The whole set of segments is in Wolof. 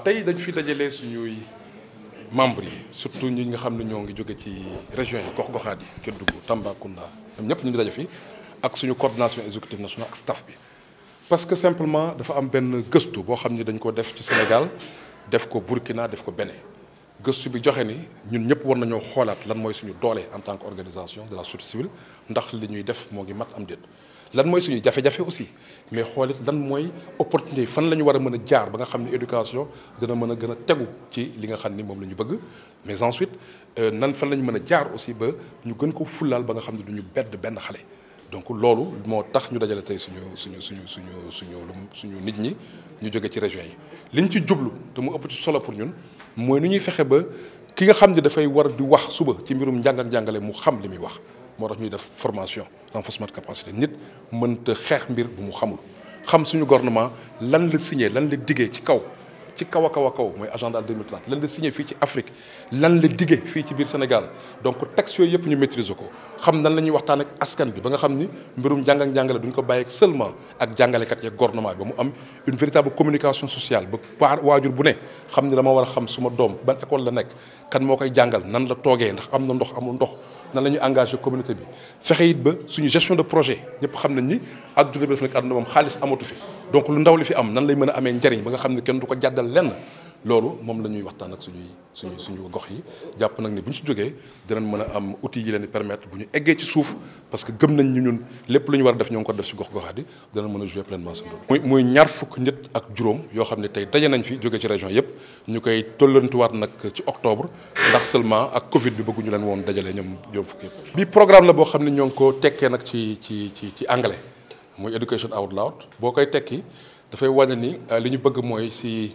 ndax tey dañ fi dajalee suñuy membres yi surtout ñi nga xam ne ñoo ngi jóge ci région yi gox-goxaat yi Kédougou Tambacounda ñoom ñëpp ñu ngi daje fi ak suñu coordination exécutive nationale ak staff bi parce que simplement dafa am benn gëstu bo xamni dañ ko def ci Sénégal def ko Burkina def ko Bénin gëstu bi joxé ni ñun ñëpp war nañu xoolaat lan moy suñu doole en tant que organisation de la société civile ndax li ñuy def mo ngi mat am déet lan moy suñu jafé jafé aussi mais xoolit lan moy opportunité fan lañu wara mëna jaar ba nga xamni éducation dina mëna gëna téggu ci li nga xamni mom lañu bëgg mais ensuite euh, nan fan lañu mëna jaar aussi ba ñu gën ko fulal ba nga xamni duñu du ñu bedd benn xale donc loolu mo tax ñu dajale tay suñu suñu suñu suñu suñu suñu nit ñi ñu joggé ci région yi liñ ci jublu te mu ëpp ci solo pour ñun moy nu ñuy fexé ba ki nga xamni da fay war di wax suba ci mbirum njàng ak njàngale mu xam limi wax moo tax ñuy def formation renforcement de capacité nit mënta xeex mbir bu mu xamul xam suñu gouvernement lan la signé lan la diggee ci kaw ci kaw kawa kaw moy kaw agenda 2030 lan la signé fi ci Afrique lan la digué fi ci biir Sénégal donc texte yooyu yëpp ñu maîtriser ko xam nan la waxtaan ak askan bi ba nga xam ni mbirum jàng ak jàngale duñ ko bayé seulement ak kat ya gouvernement ba mu am une véritable communication sociale ba par waajur bu né xam ni dama wara xam suma dom ban école la nekk kan mo koy jangal nan la togué ndax am na ndox amul ndox nan la engagé communauté bi fexe it ba suñu gestion de projet ñep xam nañ ni adduna bi daf nekk àdduna xaliss amatu fi donc lu ndaw li fi am nan lay mëna amé amee ba nga xam ne kenn duko jaddal lenn lolu mom lañuy waxtaan ak suñuy suñu suñu gox yi japp nak ni buñ ci joggé jógee dinañ mën am outil yi leen permettre buñu éggé ci souf parce que gëm nañ ñu ñun lépp luñu wara war a def ñoo ko def ci gox goxaat yi dinañ mën jouer pleinement seen rôle. moy muy ñaar fukk nit ak juroom yo xamné tay dajé nañ fi joggé ci région yépp ñukay koy wat nak ci octobre ndax seulement ak Covid bi bëggu ñu leen woon dajalé ñom juróom fukk yépp bi programme la bo xamné ne ñoo ngi ko tekkee nag ci ci ci ci anglais moy education out loud bokay koy tekki dafay wane ni euh, liñu ñu bëgg mooy si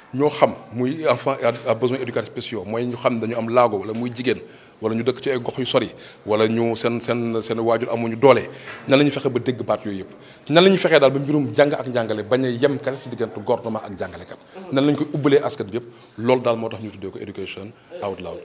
ñoo xam muy enfant à besoins éducatifs spéciaux mooy ñu xam dañu am laago wala muy jigéen wala ñu dëkk ci ay gox yu sori wala ñu seen seen seen waajur amuñu doole nan la ñuy fexe ba dégg baat yooyu yëpp nan la ñuy fexee daal ba mbirum jàng ak njàngale bañ a yem kese si diggante gouvernement ak jàngalekat mm-hmm. nan la ñu koy ubbalee askan bi yëpp loolu daal moo tax ñu tuddee ko éducation out loud